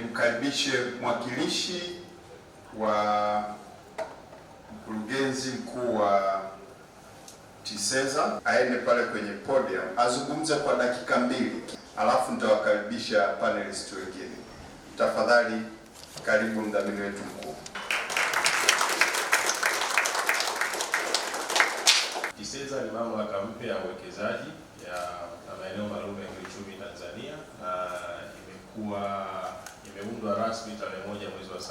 Nimkaribishe mwakilishi wa mkurugenzi mkuu wa TISEZA aende pale kwenye podium azungumze kwa dakika mbili, alafu nitawakaribisha panelist wengine. Tafadhali karibu mdhamini wetu mkuu. TISEZA ni mamlaka mpya ya uwekezaji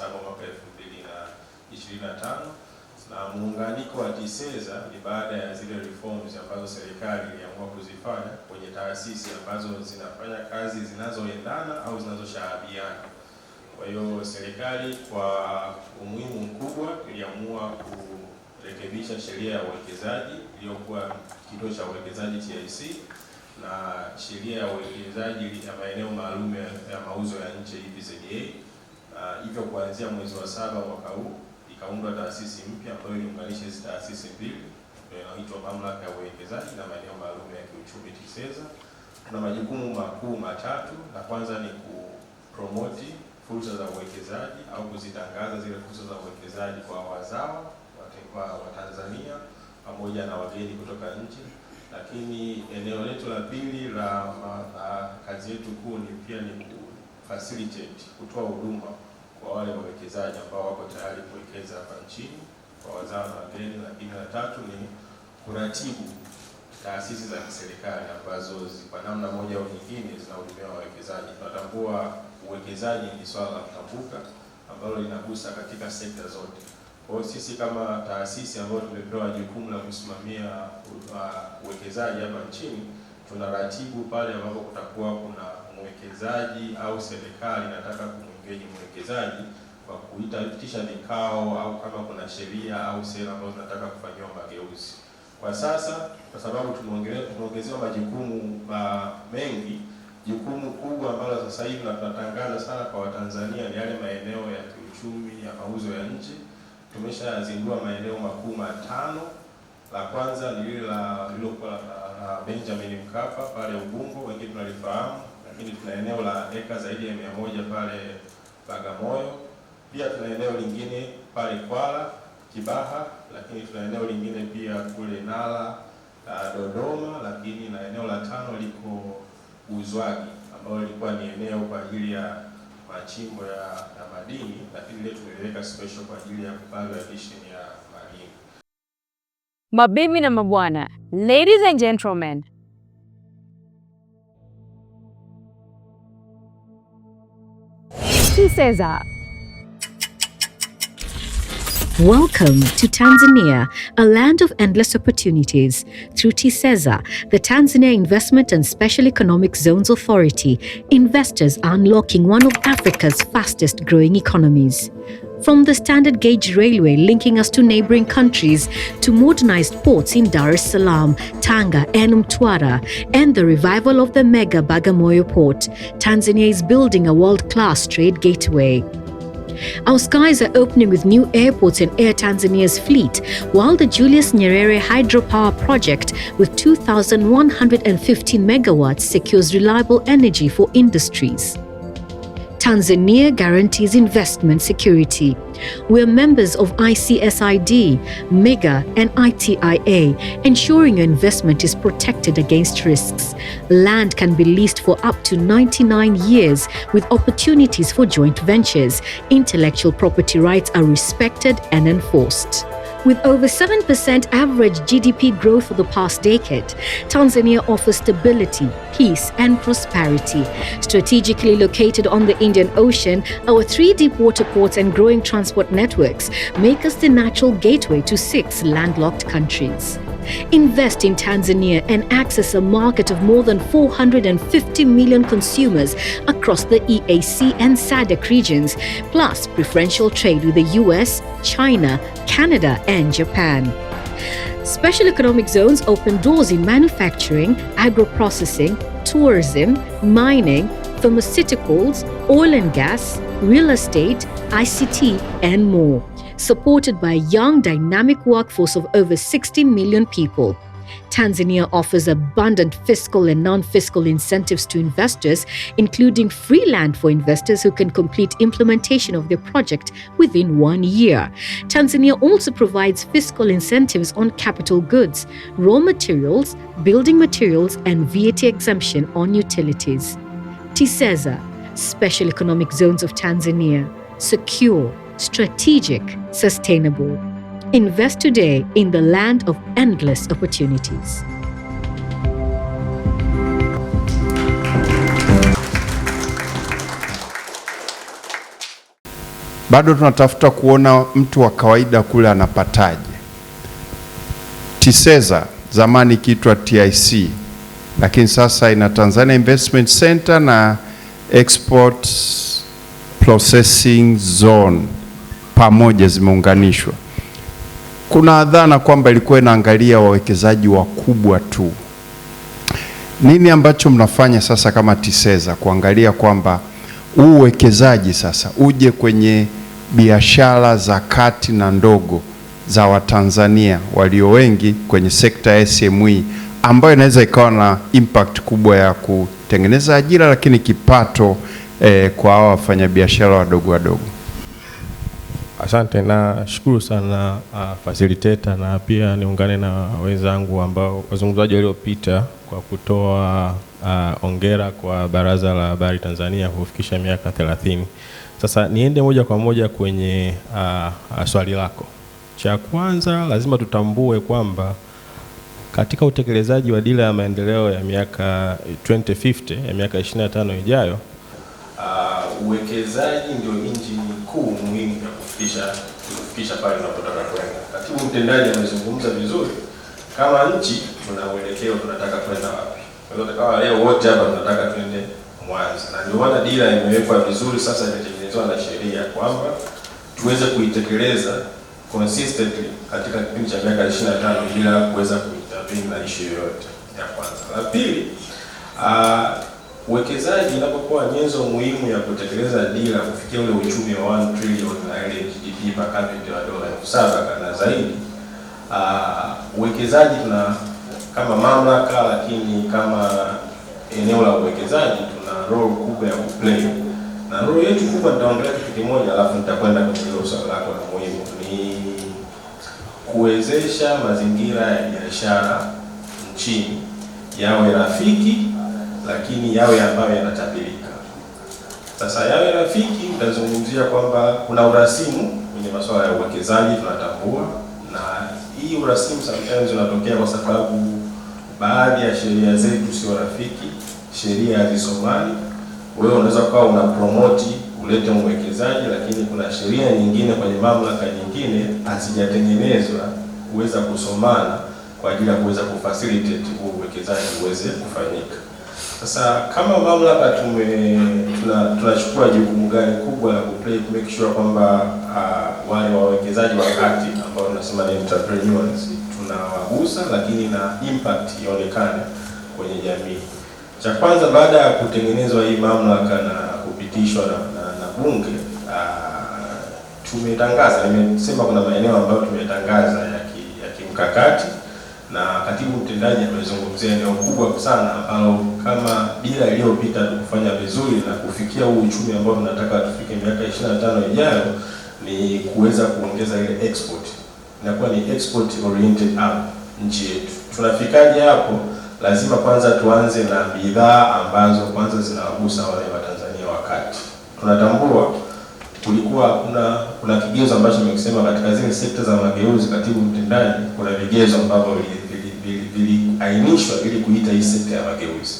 saba mwaka elfu mbili na ishirini na tano na muunganiko wa TISEZA ni baada ya zile reforms ambazo serikali iliamua kuzifanya kwenye taasisi ambazo zinafanya kazi zinazoendana au zinazoshahabiana. Kwa hiyo serikali kwa umuhimu mkubwa iliamua kurekebisha sheria ya uwekezaji iliyokuwa kituo cha uwekezaji TIC na sheria ya uwekezaji ya maeneo maalum ya mauzo ya nje EPZA Ah, hivyo kuanzia mwezi wa saba mwaka huu ikaundwa taasisi mpya ambayo iliunganisha hizi taasisi mbili, inayoitwa Mamlaka ya Uwekezaji na Maeneo Maalum ya Kiuchumi TISEZA. Kuna majukumu makuu matatu. La kwanza ni kupromoti fursa za uwekezaji au kuzitangaza zile fursa za uwekezaji kwa wazawa wa Tanzania pamoja na wageni kutoka nje. Lakini eneo letu la pili la, la kazi yetu kuu ni pia ni kufacilitate kutoa huduma kwa wale wawekezaji ambao wako tayari kuwekeza hapa nchini kwa wazawa na wageni, lakini la tatu ni kuratibu taasisi za kiserikali ambazo kwa namna moja au nyingine zinahudumia wawekezaji. Tunatambua uwekezaji ni swala la mtambuka ambalo linagusa katika sekta zote. Kwa hiyo sisi kama taasisi ambayo tumepewa jukumu la kusimamia uh, uwekezaji hapa nchini, tunaratibu pale ambapo kutakuwa kuna mwekezaji au serikali inataka yenye mwekezaji kwa kuitisha vikao au kama kuna sheria au sera ambazo zinataka kufanyiwa mageuzi. Kwa sasa, kwa sababu tumeongezewa majukumu mengi, jukumu kubwa ambalo sasa hivi na tunatangaza sana kwa Watanzania ni yale maeneo ya kiuchumi ya mauzo ya nchi. Tumeshazindua maeneo makuu matano. La kwanza ni lile la lilokuwa la Benjamin Mkapa pale Ubungo, wengine tunalifahamu, lakini tuna eneo la eka zaidi ya mia moja pale Bagamoyo. Pia tuna eneo lingine pale Kwala Kibaha, lakini tuna eneo lingine pia kule Nala uh, Dodoma, lakini na eneo la tano liko Buzwagi ambalo lilikuwa ni eneo kwa ajili ya machimbo ya, ya madini, lakini leo tumeweka special kwa ajili ya value addition ya madini. Mabibi na mabwana, ladies and gentlemen She says that. Welcome to Tanzania, a land of endless opportunities. Through Tisesa, the Tanzania Investment and Special Economic Zones Authority, investors are unlocking one of Africa's fastest growing economies from the standard gauge railway linking us to neighboring countries to modernized ports in Dar es Salaam, Tanga, and Mtwara, and the revival of the mega Bagamoyo port, Tanzania is building a world class trade gateway. Our skies are opening with new airports and Air Tanzania's fleet, while the Julius Nyerere hydropower project with 2,150 megawatts secures reliable energy for industries. Tanzania guarantees investment security. We're members of ICSID, MEGA, and ITIA, ensuring your investment is protected against risks. Land can be leased for up to 99 years with opportunities for joint ventures. Intellectual property rights are respected and enforced. With over 7% average GDP growth for the past decade, Tanzania offers stability, peace, and prosperity. Strategically located on the Indian Ocean, our three deep water ports and growing transport networks make us the natural gateway to six landlocked countries invest in Tanzania and access a market of more than 450 million consumers across the EAC and SADC regions, plus preferential trade with the US, China, Canada, and Japan. Special economic zones open doors in manufacturing, agro processing, tourism, mining, pharmaceuticals, oil and gas, real estate, ICT, and more, supported by a young, dynamic workforce of over 60 million people. Tanzania offers abundant fiscal and non fiscal incentives to investors, including free land for investors who can complete implementation of their project within one year. Tanzania also provides fiscal incentives on capital goods, raw materials, building materials, and VAT exemption on utilities. Tisesa. special economic zones of Tanzania secure, strategic, sustainable. Invest today in the land of endless opportunities. Bado tunatafuta kuona mtu wa kawaida kule anapataje. TISEZA zamani ikiitwa TIC, lakini sasa ina Tanzania Investment Center na export processing zone pamoja zimeunganishwa. Kuna dhana kwamba ilikuwa inaangalia wawekezaji wakubwa tu. Nini ambacho mnafanya sasa kama TISEZA kuangalia kwamba huu uwekezaji sasa uje kwenye biashara za kati na ndogo za Watanzania walio wengi kwenye sekta ya SME ambayo inaweza ikawa na impact kubwa ya ku kutengeneza ajira, lakini kipato eh, kwa hao wafanyabiashara wadogo wadogo. Asante, nashukuru sana uh, facilitator na pia niungane na wenzangu ambao wazungumzaji waliopita kwa kutoa uh, ongera kwa Baraza la Habari Tanzania kufikisha miaka 30. Sasa niende moja kwa moja kwenye uh, swali lako cha kwanza. Lazima tutambue kwamba katika utekelezaji wa dira ya maendeleo ya miaka 2050 ya miaka 25 ijayo, uh, uwekezaji ndio injini kuu muhimu ya kufikisha kufikisha pale tunapotaka kwenda. Katibu mtendaji amezungumza vizuri, kama nchi tuna uelekeo, tunataka kwenda wapi? Kwa hiyo leo wote hapa tunataka twende Mwanza, na ndio maana dira imewekwa vizuri, sasa imetengenezwa na sheria kwamba tuweze kuitekeleza consistently katika kipindi cha miaka 25 bila kuweza kupinga ishu yoyote ya kwanza. La pili, ah, uwekezaji inapokuwa nyenzo muhimu ya kutekeleza dira kufikia ule uchumi wa 1 trillion na ile GDP per capita ya dola elfu saba zaidi. Ah, uwekezaji tuna kama mamlaka, lakini kama eneo la uwekezaji tuna role kubwa ya kuplay na role yetu kubwa, nitaongelea kitu kimoja alafu nitakwenda kwenye hilo swali lako la muhimu ni kuwezesha mazingira ya biashara nchini yawe rafiki, lakini yawe ambayo yanatabilika. Sasa yawe rafiki, nitazungumzia kwamba kuna urasimu kwenye masuala ya uwekezaji, tunatambua na hii urasimu sometimes unatokea kwa sababu baadhi ya sheria zetu sio rafiki, sheria hazisomani. Wewe unaweza ukawa una promoti kuleta uwekezaji, lakini kuna sheria nyingine kwenye mamlaka nyingine hazijatengenezwa kuweza kusomana kwa ajili ya kuweza kufacilitate huo uwekezaji uweze kufanyika. Sasa kama mamlaka tume tunachukua tuna jukumu gani kubwa la kuplay make sure kwamba uh, wale wawekezaji wa kati ambao tunasema ni entrepreneurs tunawagusa, lakini na impact ionekane kwenye jamii. Cha kwanza baada ya kutengenezwa hii mamlaka na kupitishwa na bunge uh, tumetangaza, nimesema kuna maeneo ambayo tumetangaza ya kimkakati na katibu mtendaji amezungumzia eneo kubwa sana ambalo kama bila iliyopita kufanya vizuri na kufikia huu uchumi ambao tunataka tufike miaka 25 ijayo ni kuweza kuongeza ile export, inakuwa ni export oriented up nchi yetu. Tunafikaje hapo? Lazima kwanza tuanze na bidhaa ambazo kwanza zinawagusa wale Watanzania wakati tunatambua kulikuwa kuna kuna kigezo ambacho nimekisema katika zile sekta za mageuzi, katibu mtendaji, kuna vigezo ambavyo viliainishwa ili kuita hii sekta ya mageuzi.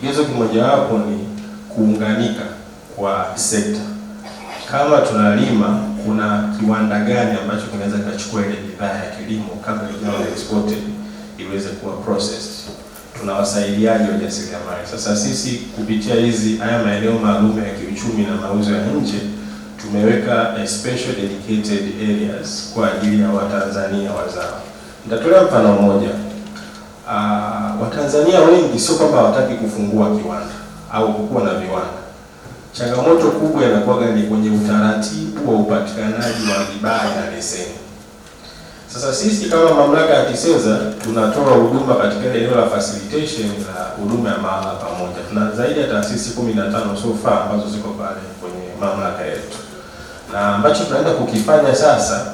Kigezo kimojawapo ni kuunganika kwa sekta. Kama tunalima, kuna kiwanda gani ambacho kinaweza kikachukua ile bidhaa ya kilimo kabla ijawa exported iweze kuwa processed tunawasaidiaje wajasiriamali? Sasa sisi kupitia hizi haya maeneo maalum ya kiuchumi na mauzo ya nje tumeweka a special dedicated areas kwa ajili ya Watanzania wazao. Nitatolea mfano mmoja. Uh, Watanzania wengi sio kwamba hawataki kufungua kiwanda au kukuwa na viwanda. Changamoto kubwa inakuwa ni kwenye utaratibu wa upatikanaji wa vibali na leseni. Sasa sisi kama mamlaka ya Kisenza tunatoa huduma katika ile eneo la facilitation la huduma ya mahala pamoja. Tuna zaidi ya taasisi 15 so far ambazo ziko pale kwenye mamlaka yetu, na ambacho tunaenda kukifanya sasa,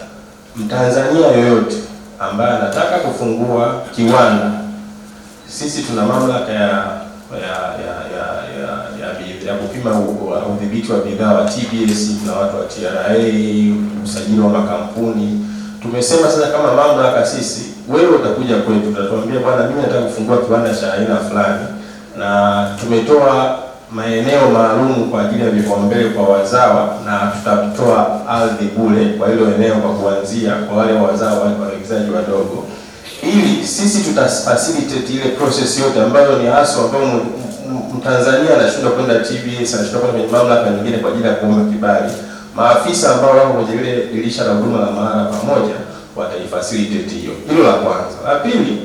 mtanzania yoyote ambaye anataka kufungua kiwanda, sisi tuna mamlaka ya ya ya ya ya, ya, ya kupima udhibiti wa bidhaa wa TBS na watu wa TRA, usajili wa makampuni Tumesema sasa kama mamlaka sisi, wewe utakuja kwetu, utatuambia bwana, mimi nataka kufungua kiwanda cha aina fulani, na tumetoa maeneo maalum kwa ajili ya vipaumbele kwa wazawa, na tutatoa ardhi bure kwa hilo eneo kwa kuanzia, kwa wale wazawa, wale wawekezaji wadogo, ili sisi tutafacilitate ile process yote ambayo ni hasa ambayo Mtanzania anashindwa kwenda TBS, anashindwa kwenda kwenye mamlaka nyingine kwa ajili ya kuomba kibali maafisa ambao wako kwenye ile dirisha la huduma la maana pamoja wataifacilitate hiyo. Hilo la kwanza. La pili,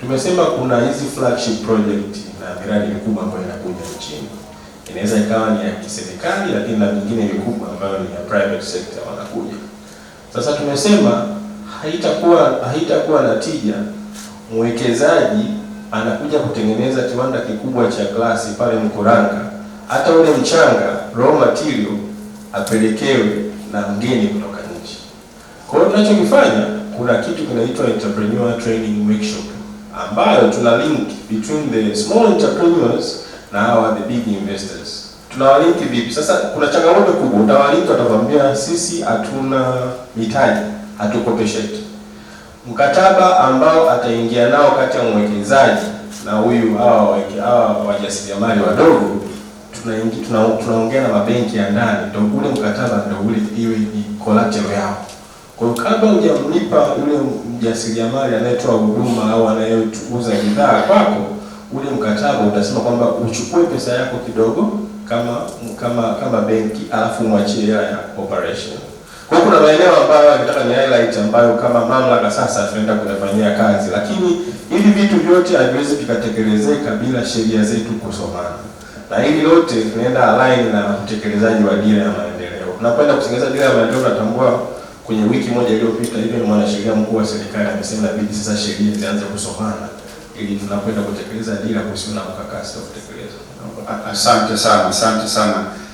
tumesema kuna hizi flagship project na miradi mikubwa ambayo inakuja nchini, inaweza ikawa ni ya kiserikali, lakini na mingine mikubwa ambayo ni ya private sector wanakuja sasa. Tumesema haitakuwa haitakuwa na tija mwekezaji anakuja kutengeneza kiwanda kikubwa cha glasi pale Mkuranga, hata ule mchanga raw material apelekewe na mgeni kutoka nje. Kwa hiyo tunachokifanya, kuna kitu kinaitwa entrepreneur training workshop ambayo tuna link between the small entrepreneurs na hawa the big investors. Tunawalinki vipi? Sasa kuna changamoto kubwa, utawalinki watakwambia sisi hatuna mitaji, hatukopesheki. Mkataba ambao ataingia nao kati ya mwekezaji na huyu hawa wajasiriamali wadogo tunaongea na mabenki ya ndani, ndio ule mkataba, ndio ule ni collateral yao. Kwa hiyo kabla hujamlipa ule mjasiriamali anayetoa huduma au anayeuza bidhaa kwako, ule mkataba utasema kwamba uchukue pesa yako kidogo kama kama kama benki, alafu mwachie hela ya operation. Kwa kuna maeneo ambayo nataka ni highlight ambayo kama mamlaka sasa tunaenda kuyafanyia kazi, lakini hivi vitu vyote haviwezi vikatekelezeka bila sheria zetu kusomana na hili lote linaenda align na utekelezaji wa dira ya maendeleo. unapoenda kutengeneza dira ya maendeleo, unatambua kwenye wiki moja iliyopita hivi, ni mwanasheria mkuu wa serikali amesema inabidi sasa sheria zianze kusomana ili tunapoenda kutekeleza dira kusiwe na mkakasi wa kutekeleza. Asante sana, asante sana.